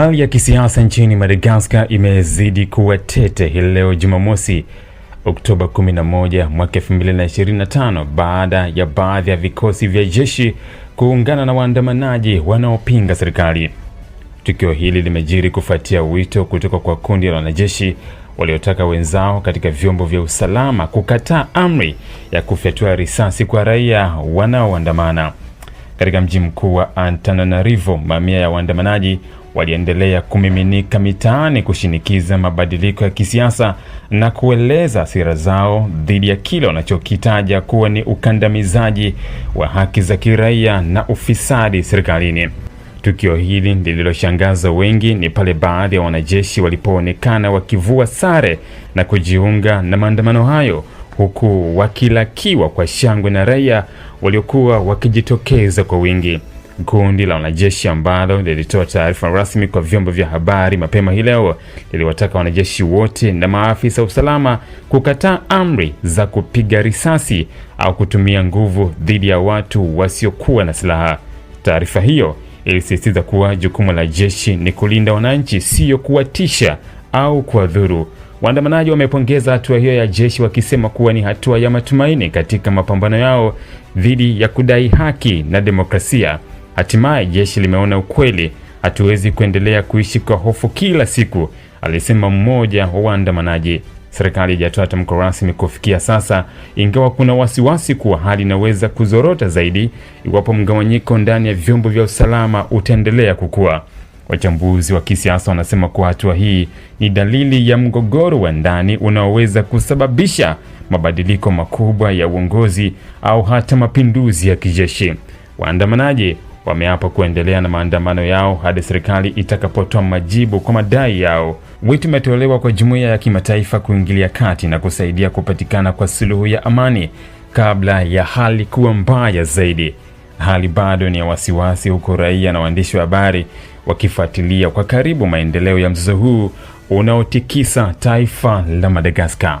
Hali ya kisiasa nchini Madagascar imezidi kuwa tete hii leo Jumamosi, Oktoba 11 mwaka 2025 baada ya baadhi ya vikosi vya jeshi kuungana na waandamanaji wanaopinga serikali. Tukio hili limejiri kufuatia wito kutoka kwa kundi la wanajeshi waliotaka wenzao katika vyombo vya usalama kukataa amri ya kufyatua risasi kwa raia wanaoandamana. Katika mji mkuu wa Antananarivo, mamia ya waandamanaji waliendelea kumiminika mitaani kushinikiza mabadiliko ya kisiasa na kueleza hasira zao dhidi ya kile wanachokitaja kuwa ni ukandamizaji wa haki za kiraia na ufisadi serikalini. Tukio hili lililoshangaza wengi ni pale baadhi ya wanajeshi walipoonekana wakivua sare na kujiunga na maandamano hayo huku wakilakiwa kwa shangwe na raia waliokuwa wakijitokeza kwa wingi. Kundi la wanajeshi ambalo lilitoa taarifa rasmi kwa vyombo vya habari mapema hii leo liliwataka wanajeshi wote na maafisa usalama kukataa amri za kupiga risasi au kutumia nguvu dhidi ya watu wasiokuwa na silaha. Taarifa hiyo ilisisitiza kuwa jukumu la jeshi ni kulinda wananchi, siyo kuwatisha au kuwadhuru. Waandamanaji wamepongeza hatua hiyo ya jeshi wakisema kuwa ni hatua ya matumaini katika mapambano yao dhidi ya kudai haki na demokrasia. Hatimaye jeshi limeona ukweli, hatuwezi kuendelea kuishi kwa hofu kila siku, alisema mmoja wa waandamanaji. Serikali haijatoa tamko rasmi kufikia sasa, ingawa kuna wasiwasi kuwa hali inaweza kuzorota zaidi iwapo mgawanyiko ndani ya vyombo vya usalama utaendelea kukua. Wachambuzi wa kisiasa wanasema kuwa hatua hii ni dalili ya mgogoro wa ndani unaoweza kusababisha mabadiliko makubwa ya uongozi au hata mapinduzi ya kijeshi. Waandamanaji wameapa kuendelea na maandamano yao hadi serikali itakapotoa majibu kwa madai yao. Wito umetolewa kwa jumuiya ya kimataifa kuingilia kati na kusaidia kupatikana kwa suluhu ya amani kabla ya hali kuwa mbaya zaidi. Hali bado ni ya wasiwasi, huku raia na waandishi wa habari wakifuatilia kwa karibu maendeleo ya mzozo huu unaotikisa taifa la Madagaskar.